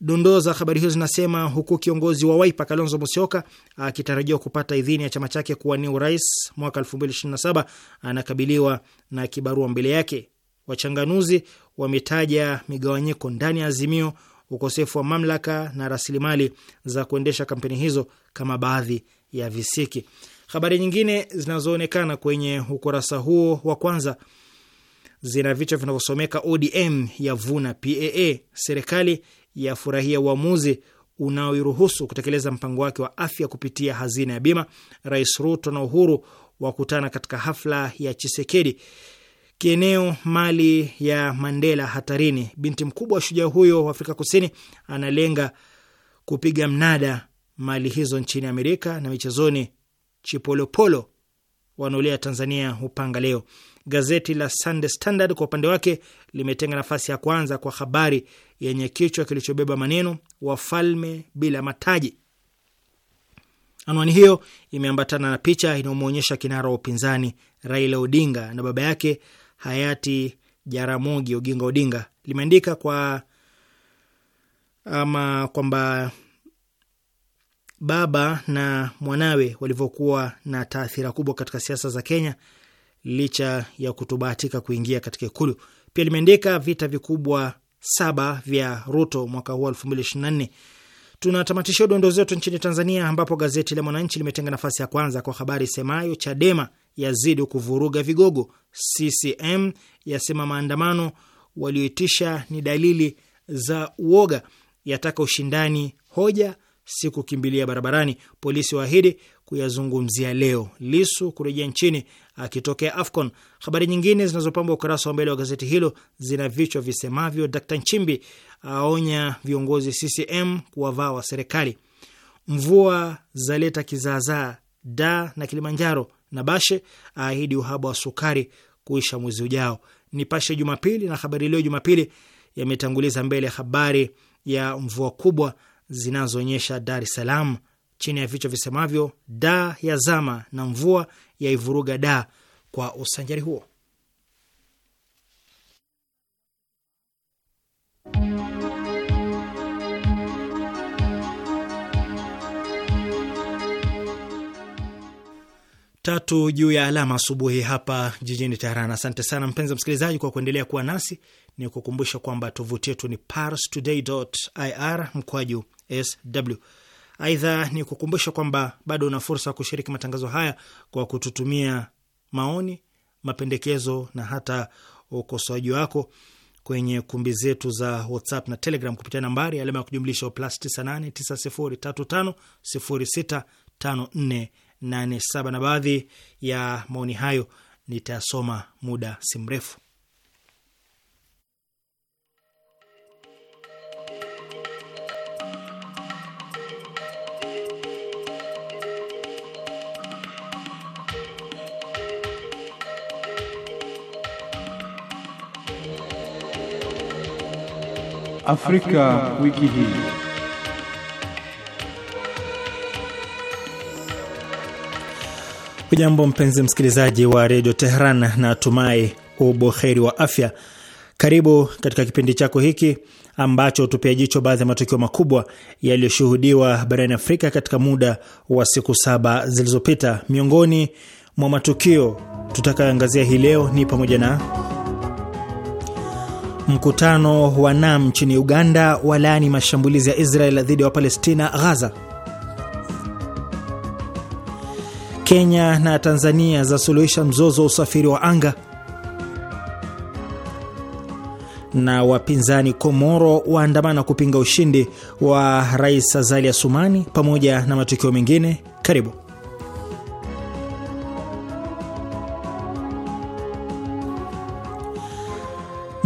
Dondoo za habari hiyo zinasema huku kiongozi wa Waipa Kalonzo Musyoka akitarajiwa kupata idhini ya chama chake kuwania urais mwaka 2027 anakabiliwa na kibarua mbele yake. Wachanganuzi wametaja migawanyiko ndani ya Azimio, ukosefu wa mamlaka na rasilimali za kuendesha kampeni hizo kama baadhi ya visiki. Habari nyingine zinazoonekana kwenye ukurasa huo wa kwanza zina vichwa vinavyosomeka ODM ya vuna PAA, serikali yafurahia uamuzi unaoiruhusu kutekeleza mpango wake wa afya kupitia hazina ya bima, Rais Ruto na Uhuru wakutana katika hafla ya Chisekedi, kieneo mali ya Mandela hatarini, binti mkubwa wa shujaa huyo wa Afrika Kusini analenga kupiga mnada mali hizo nchini Amerika, na michezoni, Chipolopolo wanaolea Tanzania upanga leo. Gazeti la Sunday Standard kwa upande wake limetenga nafasi ya kwanza kwa habari yenye kichwa kilichobeba maneno wafalme bila mataji. Anwani hiyo imeambatana na picha inayomwonyesha kinara wa upinzani Raila Odinga na baba yake hayati Jaramogi Oginga Odinga. Limeandika kwa ama kwamba baba na mwanawe walivyokuwa na taathira kubwa katika siasa za Kenya licha ya kutobahatika kuingia katika Ikulu. Pia limeandika vita vikubwa saba vya Ruto mwaka huu elfu mbili na 2024. Tunatamatishia udondozi wetu nchini Tanzania, ambapo gazeti la Mwananchi limetenga nafasi ya kwanza kwa habari semayo Chadema yazidi kuvuruga vigogo, CCM yasema maandamano walioitisha ni dalili za uoga, yataka ushindani hoja, si kukimbilia barabarani, polisi waahidi kuyazungumzia leo, Lisu kurejea nchini akitokea AFCON. Habari nyingine zinazopambwa ukurasa wa mbele wa gazeti hilo zina vichwa visemavyo: Dkt Nchimbi aonya viongozi CCM kuwavaa wa serikali, mvua zaleta kizaazaa da na Kilimanjaro, na Bashe aahidi uhaba wa sukari kuisha mwezi ujao. Nipashe Jumapili na Habari Leo Jumapili yametanguliza mbele habari ya mvua kubwa zinazoonyesha Dar es Salaam chini ya vichwa visemavyo da ya zama na mvua yaivuruga da kwa usanjari huo. Tatu juu ya alama asubuhi hapa jijini Teheran. Asante sana mpenzi msikilizaji kwa kuendelea kuwa nasi. Ni kukumbusha kwamba tovuti yetu ni parstoday.ir mkwaju sw Aidha, ni kukumbusha kwamba bado una fursa ya kushiriki matangazo haya kwa kututumia maoni, mapendekezo na hata ukosoaji wako kwenye kumbi zetu za WhatsApp na Telegram kupitia nambari alama ya kujumlisha plus 989035065487 na baadhi ya maoni hayo nitayasoma muda si mrefu. Afrika, wiki hii. Hujambo mpenzi msikilizaji wa redio Tehran, na tumai uboheri wa afya. Karibu katika kipindi chako hiki ambacho tupia jicho baadhi ya matukio makubwa yaliyoshuhudiwa barani Afrika katika muda wa siku saba zilizopita. Miongoni mwa matukio tutakayoangazia hii leo ni pamoja na Mkutano wa NAM nchini Uganda walaani mashambulizi ya Israel dhidi ya Wapalestina Ghaza. Kenya na Tanzania zasuluhisha mzozo wa usafiri wa anga. Na wapinzani Komoro waandamana kupinga ushindi wa Rais Azali Asumani, pamoja na matukio mengine. Karibu.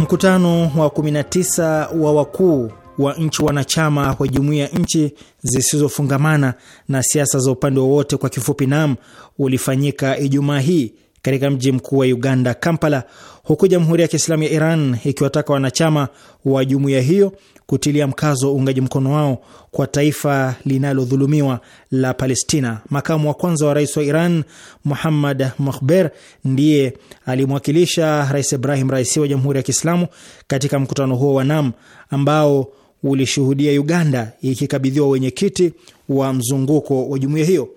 Mkutano wa 19 wa wakuu wa nchi wanachama wa jumuiya ya nchi zisizofungamana na siasa za upande wowote kwa kifupi NAM ulifanyika Ijumaa hii katika mji mkuu wa Uganda, Kampala, huku Jamhuri ya Kiislamu ya Iran ikiwataka wanachama wa jumuiya hiyo kutilia mkazo uungaji mkono wao kwa taifa linalodhulumiwa la Palestina. Makamu wa kwanza wa rais wa Iran Muhammad Mokhber ndiye alimwakilisha Rais Ibrahim Raisi wa Jamhuri ya Kiislamu katika mkutano huo wa NAM ambao ulishuhudia Uganda ikikabidhiwa wenyekiti wa mzunguko wa jumuiya hiyo.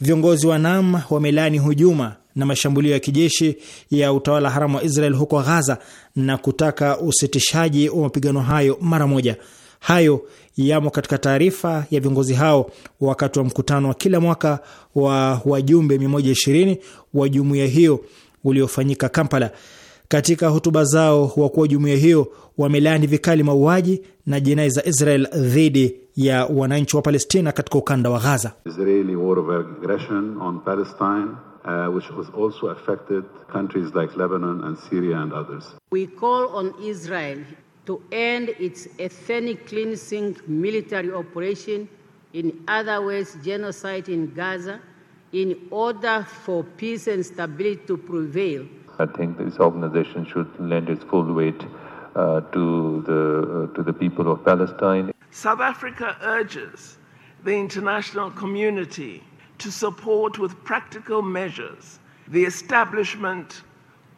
Viongozi wa NAM wamelaani hujuma na mashambulio ya kijeshi ya utawala haramu wa Israel huko Ghaza na kutaka usitishaji wa mapigano hayo mara moja. Hayo yamo katika taarifa ya viongozi hao wakati wa mkutano wa kila mwaka wa wajumbe 120 wa jumuiya hiyo uliofanyika Kampala. Katika hotuba zao, wakuu wa jumuiya hiyo wamelaani vikali mauaji na jinai za Israel dhidi ya wananchi wa Palestina katika ukanda wa Ghaza. Israeli war of aggression on Palestine uh, which was also affected countries like Lebanon and Syria and others. We call on Israel to end its ethnic cleansing military operation, in other words, genocide in Gaza, in order for peace and stability to prevail. I think this organization should lend its full weight uh, to, the, uh, to the people of Palestine. South Africa urges the international community to support with practical measures the establishment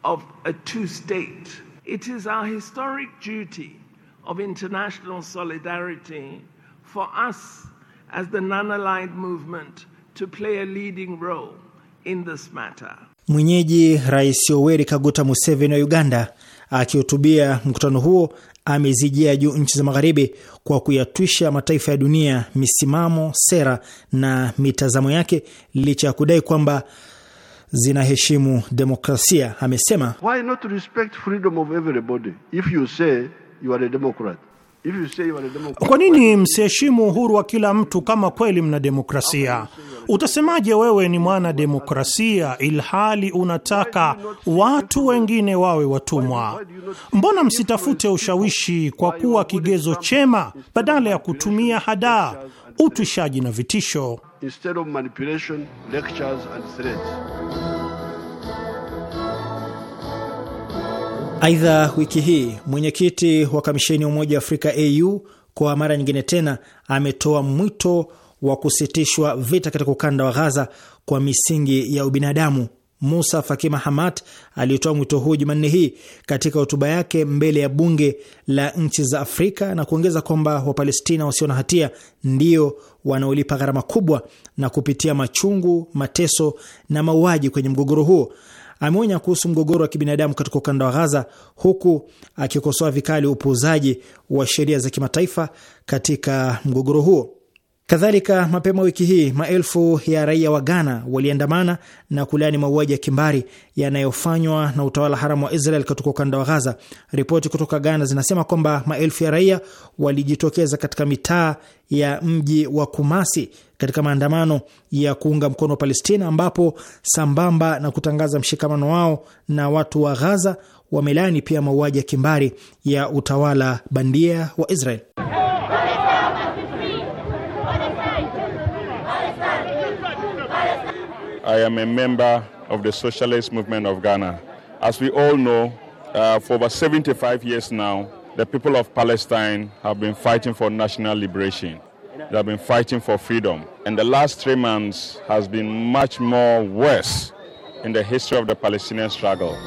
of a two state. It is our historic duty of international solidarity for us as the non aligned movement to play a leading role in this matter. Mwenyeji Rais Yoweri Kaguta Museveni wa Uganda akihutubia mkutano huo amezijia juu nchi za Magharibi kwa kuyatwisha mataifa ya dunia misimamo, sera na mitazamo yake licha ya kudai kwamba zinaheshimu demokrasia. Amesema, Why not respect freedom of everybody if you say you are a democrat? Kwa nini msiheshimu uhuru wa kila mtu kama kweli mna demokrasia? Utasemaje wewe ni mwana demokrasia ilhali unataka watu wengine wawe watumwa? Mbona msitafute ushawishi kwa kuwa kigezo chema badala ya kutumia hadaa, utwishaji na vitisho? Aidha, wiki hii mwenyekiti wa kamisheni ya Umoja wa Afrika AU kwa mara nyingine tena ametoa mwito wa kusitishwa vita katika ukanda wa Ghaza kwa misingi ya ubinadamu. Musa Faki Mahamat aliyetoa mwito huu Jumanne hii katika hotuba yake mbele ya bunge la nchi za Afrika na kuongeza kwamba Wapalestina wasio na hatia ndio wanaolipa gharama kubwa na kupitia machungu, mateso na mauaji kwenye mgogoro huo ameonya kuhusu mgogoro wa kibinadamu katika ukanda wa Ghaza, huku akikosoa vikali upuuzaji wa sheria za kimataifa katika mgogoro huo. Kadhalika, mapema wiki hii maelfu ya raia wa Ghana waliandamana na kuliani mauaji ya kimbari yanayofanywa na utawala haramu wa Israel katika ukanda wa Ghaza. Ripoti kutoka Ghana zinasema kwamba maelfu ya raia walijitokeza katika mitaa ya mji wa Kumasi katika maandamano ya kuunga mkono wa Palestina, ambapo sambamba na kutangaza mshikamano wao na watu wa Ghaza, wamelaani pia mauaji ya kimbari ya utawala bandia wa Israel. I am a member of the Socialist Movement of Ghana. As we all know, uh, for over 75 years now, the people of Palestine have been fighting for national liberation. They have been fighting for freedom. And the last three months has been much more worse in the history of the Palestinian struggle.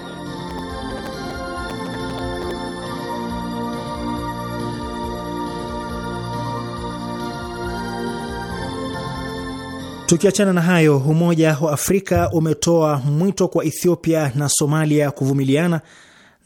Tukiachana na hayo, Umoja wa Afrika umetoa mwito kwa Ethiopia na Somalia kuvumiliana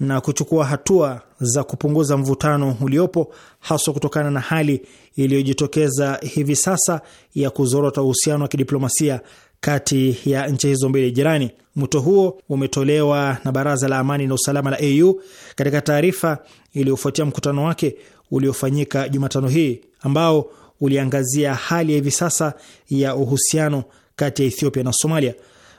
na kuchukua hatua za kupunguza mvutano uliopo, haswa kutokana na hali iliyojitokeza hivi sasa ya kuzorota uhusiano wa kidiplomasia kati ya nchi hizo mbili jirani. Mwito huo umetolewa na Baraza la Amani na Usalama la AU katika taarifa iliyofuatia mkutano wake uliofanyika Jumatano hii ambao uliangazia hali ya hivi sasa ya uhusiano kati ya Ethiopia na Somalia.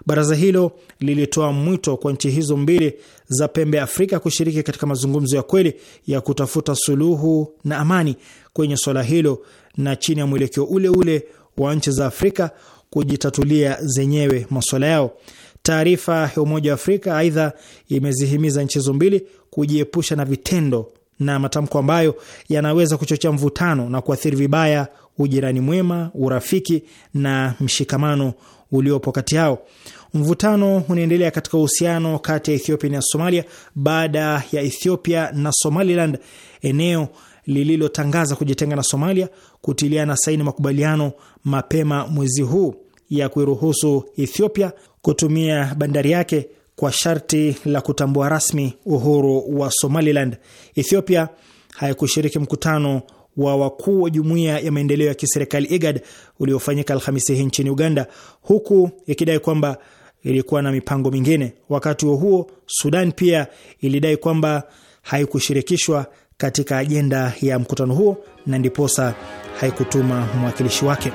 Baraza hilo lilitoa mwito kwa nchi hizo mbili za pembe ya Afrika kushiriki katika mazungumzo ya kweli ya kutafuta suluhu na amani kwenye swala hilo, na chini ya mwelekeo ule ule wa nchi za Afrika kujitatulia zenyewe maswala yao. Taarifa ya Umoja wa Afrika aidha imezihimiza nchi hizo mbili kujiepusha na vitendo na matamko ambayo yanaweza kuchochea mvutano na kuathiri vibaya ujirani mwema, urafiki na mshikamano uliopo kati yao. Mvutano unaendelea katika uhusiano kati ya Ethiopia na Somalia baada ya Ethiopia na Somaliland, eneo lililotangaza kujitenga na Somalia, kutiliana saini makubaliano mapema mwezi huu ya kuiruhusu Ethiopia kutumia bandari yake kwa sharti la kutambua rasmi uhuru wa Somaliland. Ethiopia haikushiriki mkutano wa wakuu wa jumuiya ya maendeleo ya kiserikali IGAD uliofanyika Alhamisi hii nchini Uganda, huku ikidai kwamba ilikuwa na mipango mingine. Wakati huo huo, Sudan pia ilidai kwamba haikushirikishwa katika ajenda ya mkutano huo na ndiposa haikutuma mwakilishi wake.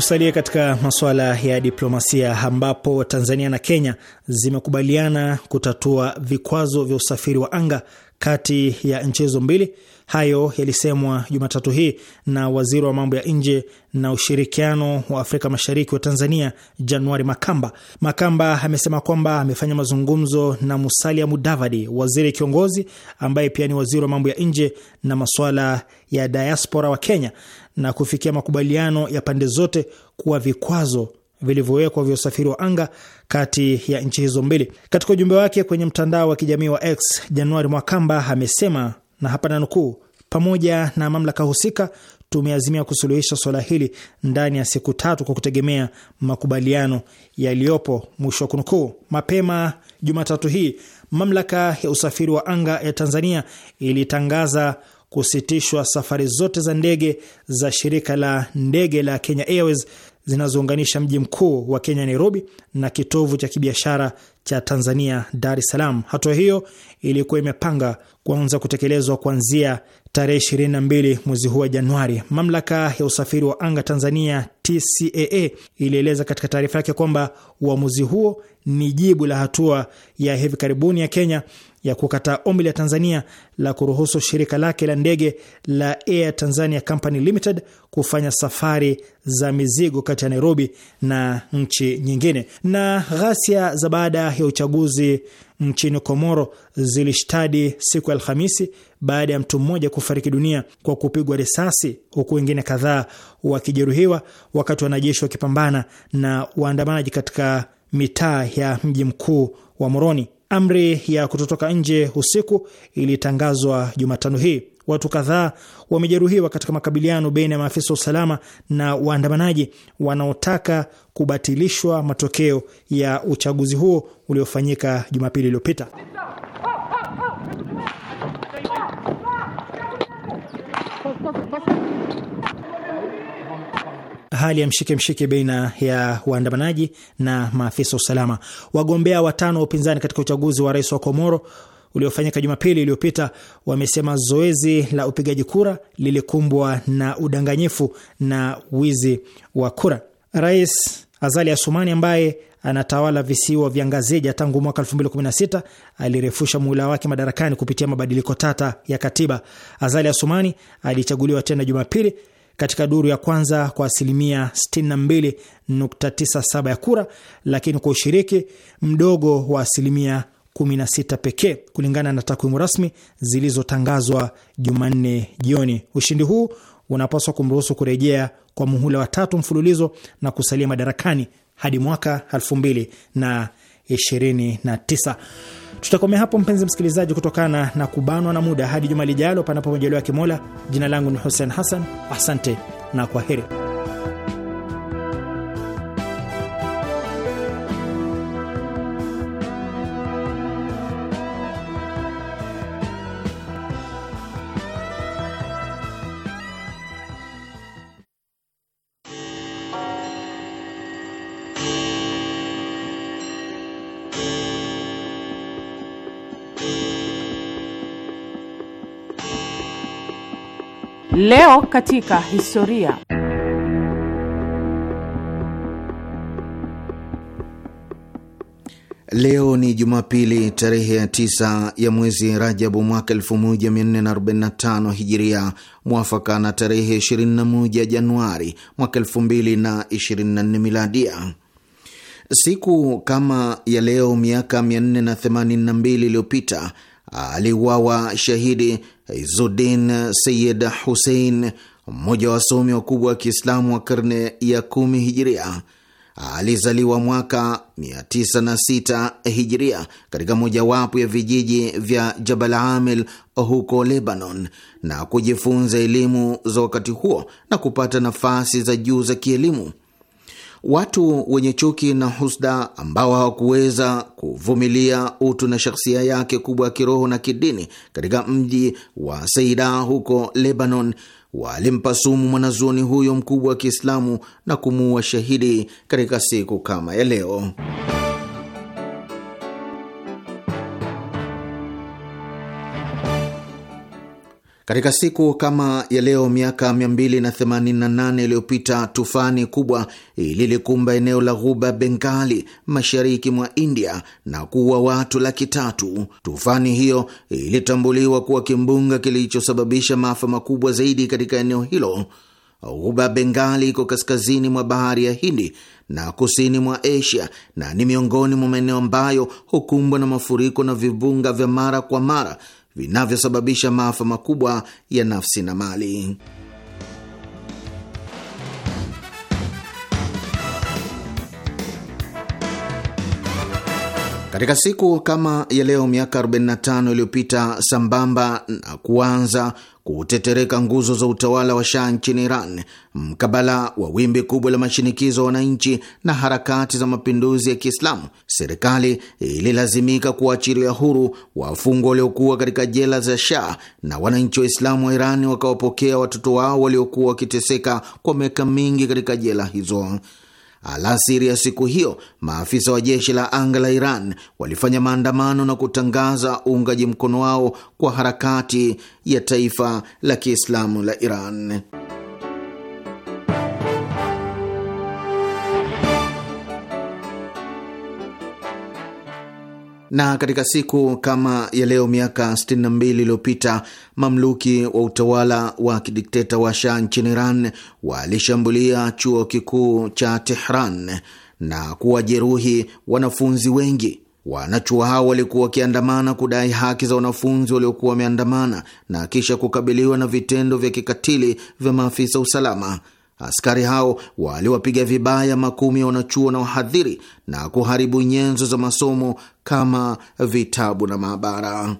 Tusalie katika masuala ya diplomasia ambapo Tanzania na Kenya zimekubaliana kutatua vikwazo vya usafiri wa anga kati ya nchi hizo mbili Hayo yalisemwa Jumatatu hii na waziri wa mambo ya nje na ushirikiano wa Afrika Mashariki wa Tanzania, Januari Makamba. Makamba amesema kwamba amefanya mazungumzo na Musalia Mudavadi, waziri kiongozi ambaye pia ni waziri wa mambo ya nje na masuala ya diaspora wa Kenya, na kufikia makubaliano ya pande zote kuwa vikwazo vilivyowekwa vya usafiri wa anga kati ya nchi hizo mbili. Katika ujumbe wake kwenye mtandao wa kijamii wa X, Januari Mwakamba amesema na hapa na nukuu, pamoja na mamlaka husika tumeazimia kusuluhisha swala hili ndani ya siku tatu kwa kutegemea makubaliano yaliyopo, mwisho wa kunukuu. Mapema Jumatatu hii mamlaka ya usafiri wa anga ya Tanzania ilitangaza kusitishwa safari zote za ndege za shirika la ndege la Kenya Airways zinazounganisha mji mkuu wa Kenya Nairobi na kitovu cha kibiashara cha Tanzania, Dar es Salaam. Hatua hiyo ilikuwa imepanga kuanza kutekelezwa kuanzia tarehe 22 mwezi huu wa Januari. Mamlaka ya usafiri wa anga Tanzania TCAA ilieleza katika taarifa yake kwamba uamuzi huo ni jibu la hatua ya hivi karibuni ya Kenya ya kukataa ombi la Tanzania la kuruhusu shirika lake la ndege la Air Tanzania Company Limited kufanya safari za mizigo kati ya Nairobi na nchi nyingine. Na ghasia za baada ya uchaguzi nchini Komoro zilishtadi siku ya Alhamisi baada ya mtu mmoja kufariki dunia kwa kupigwa risasi huku wengine kadhaa wakijeruhiwa wakati wanajeshi wakipambana na waandamanaji katika mitaa ya mji mkuu wa Moroni. Amri ya kutotoka nje usiku ilitangazwa Jumatano hii. Watu kadhaa wamejeruhiwa katika makabiliano baina ya maafisa wa usalama na waandamanaji wanaotaka kubatilishwa matokeo ya uchaguzi huo uliofanyika Jumapili iliyopita hali ya mshike mshike baina ya waandamanaji na maafisa usalama. Wagombea watano wa upinzani katika uchaguzi wa rais wa Komoro uliofanyika Jumapili iliyopita wamesema zoezi la upigaji kura lilikumbwa na udanganyifu na wizi wa kura. Rais Azali Asumani ambaye anatawala visiwa vya Ngazija tangu mwaka 2016 alirefusha muhula wake madarakani kupitia mabadiliko tata ya katiba. Azali Asumani alichaguliwa tena Jumapili katika duru ya kwanza kwa asilimia 62.97 ya kura, lakini kwa ushiriki mdogo wa asilimia 16 pekee kulingana na takwimu rasmi zilizotangazwa Jumanne jioni. Ushindi huu unapaswa kumruhusu kurejea kwa muhula wa tatu mfululizo na kusalia madarakani hadi mwaka 2029. Tutakomea hapo mpenzi msikilizaji, kutokana na kubanwa na muda. Hadi juma lijalo, panapo majaliwa ya Kimola. Jina langu ni Hussein Hassan, asante na kwa heri. Leo katika historia. Leo ni Jumapili tarehe ya tisa ya mwezi Rajabu mwaka 1445 Hijiria, mwafaka na tarehe 21 Januari mwaka 2024 Miladia. Siku kama ya leo miaka 482 iliyopita aliuawa shahidi Izuddin Sayyid Hussein, mmoja wa wasomi wakubwa wa Kiislamu wa karne ya kumi hijiria, alizaliwa mwaka 906 hijiria katika mojawapo ya vijiji vya Jabal Amil huko Lebanon na kujifunza elimu za wakati huo na kupata nafasi za juu za kielimu. Watu wenye chuki na husda ambao hawakuweza kuvumilia utu na shakhsia yake kubwa ya kiroho na kidini katika mji wa seida huko Lebanon walimpa sumu mwanazuoni huyo mkubwa wa Kiislamu na kumuua shahidi katika siku kama ya leo. Katika siku kama ya leo miaka 288 iliyopita tufani kubwa lilikumba eneo la ghuba Bengali mashariki mwa India na kuua watu laki tatu. Tufani hiyo ilitambuliwa kuwa kimbunga kilichosababisha maafa makubwa zaidi katika eneo hilo. Ghuba Bengali iko kaskazini mwa bahari ya Hindi na kusini mwa Asia na ni miongoni mwa maeneo ambayo hukumbwa na mafuriko na vibunga vya mara kwa mara vinavyosababisha maafa makubwa ya nafsi na mali. Katika siku kama ya leo miaka 45 iliyopita, sambamba na kuanza kutetereka nguzo za utawala wa Shah nchini Iran mkabala wa wimbi kubwa la mashinikizo ya wananchi na harakati za mapinduzi ya Kiislamu, serikali ililazimika kuachilia huru wafungwa waliokuwa katika jela za Shah, na wananchi Waislamu wa iran wakawapokea watoto wao waliokuwa wakiteseka kwa miaka mingi katika jela hizo. Alasiri ya siku hiyo maafisa wa jeshi la anga la Iran walifanya maandamano na kutangaza uungaji mkono wao kwa harakati ya taifa la Kiislamu la Iran. Na katika siku kama ya leo miaka 62 iliyopita mamluki wa utawala wa kidikteta wa Shah nchini Iran walishambulia chuo kikuu cha Tehran na kuwajeruhi wanafunzi wengi. Wanachuo hao walikuwa wakiandamana kudai haki za wanafunzi waliokuwa wameandamana na kisha kukabiliwa na vitendo vya kikatili vya maafisa usalama. Askari hao waliwapiga vibaya makumi ya wanachuo na wahadhiri na kuharibu nyenzo za masomo kama vitabu na maabara.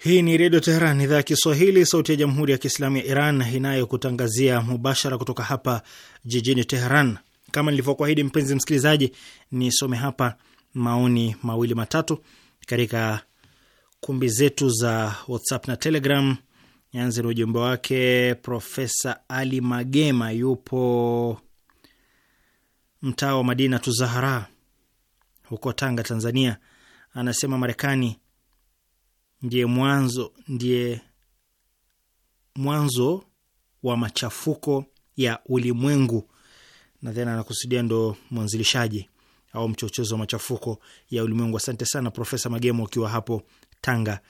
Hii ni Redio Teheran, idhaa ya Kiswahili, sauti ya Jamhuri ya Kiislamu ya Iran inayokutangazia mubashara kutoka hapa jijini Teheran. Kama nilivyokuahidi, mpenzi msikilizaji, nisome hapa maoni mawili matatu katika kumbi zetu za WhatsApp na Telegram. Nianze na ujumbe wake Profesa Ali Magema, yupo mtaa wa Madina Tuzahara huko Tanga, Tanzania. Anasema Marekani ndiye mwanzo ndiye mwanzo wa machafuko ya ulimwengu nadhani anakusudia ndo mwanzilishaji au mchochezo wa machafuko ya ulimwengu. Asante sana Profesa Magemo akiwa hapo Tanga,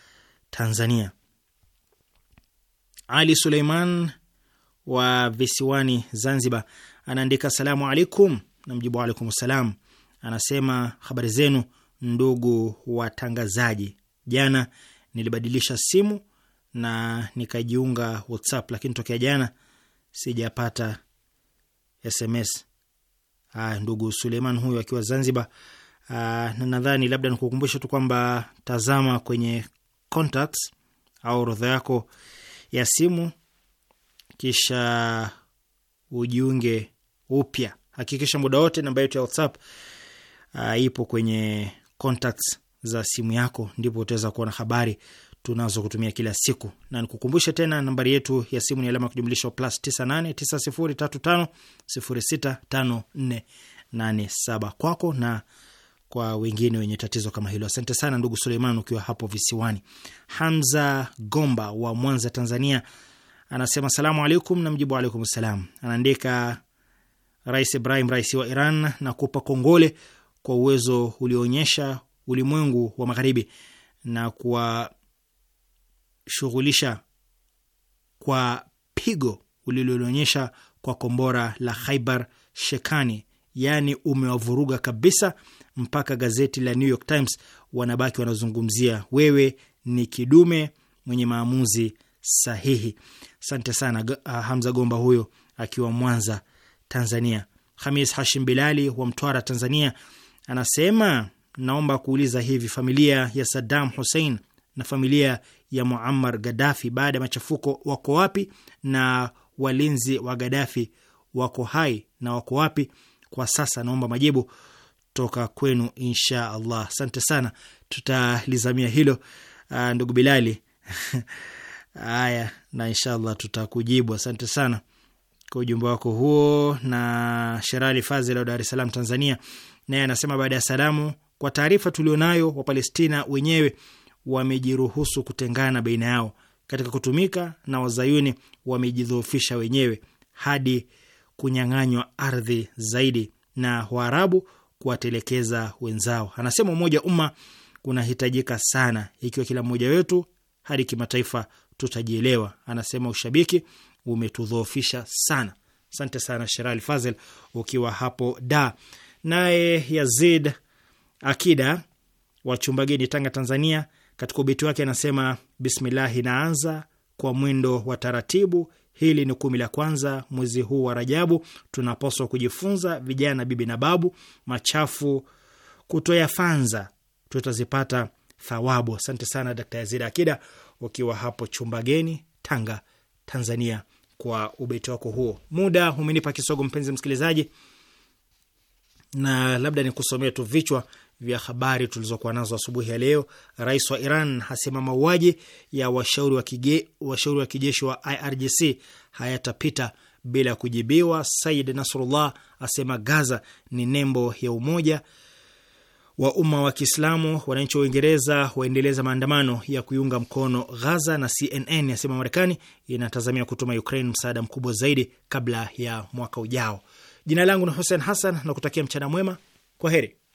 Tanzania. Ali Suleiman wa visiwani Zanzibar anaandika salamu alaikum, na mjibu alaikum salam. Anasema habari zenu ndugu watangazaji, jana nilibadilisha simu na nikajiunga WhatsApp, lakini tokea jana sijapata SMS. Aa, ah, ndugu Suleiman huyu akiwa Zanzibar. Ah, na nadhani labda nikukumbusha tu kwamba tazama kwenye contacts au orodha yako ya simu, kisha ujiunge upya. Hakikisha muda wote namba yetu ya WhatsApp ah, ipo kwenye contacts za simu yako, ndipo utaweza kuona habari tunazo kutumia kila siku, na nikukumbushe tena nambari yetu ya simu ni alama ya kujumlisha plus 989035065487 kwako na kwa wengine wenye tatizo kama hilo. Asante sana ndugu Suleiman ukiwa hapo visiwani. Hamza Gomba wa Mwanza, Tanzania anasema salamu alaikum, na mjibu alaikum salam. Anaandika Rais Ibrahim raisi wa Iran na kupa kongole kwa uwezo ulioonyesha ulimwengu wa magharibi na kuwa kujishughulisha kwa pigo ulilolionyesha kwa kombora la Khaibar Shekani, yaani umewavuruga kabisa, mpaka gazeti la New York Times wanabaki wanazungumzia wewe ni kidume mwenye maamuzi sahihi. Asante sana ah, Hamza Gomba, huyo akiwa Mwanza, Tanzania. Hamis Hashim Bilali wa Mtwara, Tanzania, anasema naomba kuuliza hivi, familia ya Saddam Hussein na familia ya Muammar Gaddafi. Baada ya machafuko wako wapi, na walinzi wa Gaddafi wako hai na wako wapi kwa sasa? Naomba majibu toka kwenu, insha Allah. Asante sana, tutalizamia hilo ah, ndugu Bilali. Haya, na insha Allah tutakujibu. Asante sana kwa ujumbe wako huo. Na Sherali Fazil wa Dar es Salaam, Tanzania, naye anasema baada ya salamu, kwa taarifa tulionayo, Wapalestina wenyewe wamejiruhusu kutengana baina yao katika kutumika na wazayuni wamejidhoofisha wenyewe hadi kunyang'anywa ardhi zaidi na Waarabu kuwatelekeza wenzao. Anasema umoja umma unahitajika sana, ikiwa kila mmoja wetu hadi kimataifa tutajielewa. Anasema ushabiki umetudhoofisha sana. Asante sana Sherali Fazel ukiwa hapo da. Naye Yazid Akida wa Chumbageni, Tanga, Tanzania katika ubeti wake anasema bismillahi, naanza kwa mwendo wa taratibu. Hili ni kumi la kwanza mwezi huu wa Rajabu, tunapaswa kujifunza vijana, bibi na babu, machafu kutoyafanza, tutazipata thawabu. Asante sana Dakta Yazid Akida ukiwa hapo chumba geni, Tanga, Tanzania, kwa ubeti wako huo. Muda umenipa kisogo, mpenzi msikilizaji, na labda nikusomee tu vichwa vya habari tulizokuwa nazo asubuhi ya leo. Rais wa Iran asema mauaji ya washauri wa, kige, washauri wa kijeshi wa IRGC hayatapita bila kujibiwa. Said Nasrullah asema Gaza ni nembo ya umoja wa umma wa Kiislamu. Wananchi wa Uingereza waendeleza maandamano ya kuiunga mkono Gaza, na CNN asema Marekani inatazamia kutuma Ukraine msaada mkubwa zaidi kabla ya mwaka ujao. Jina langu ni Hussein Hassan na kutakia mchana mwema. Kwa heri.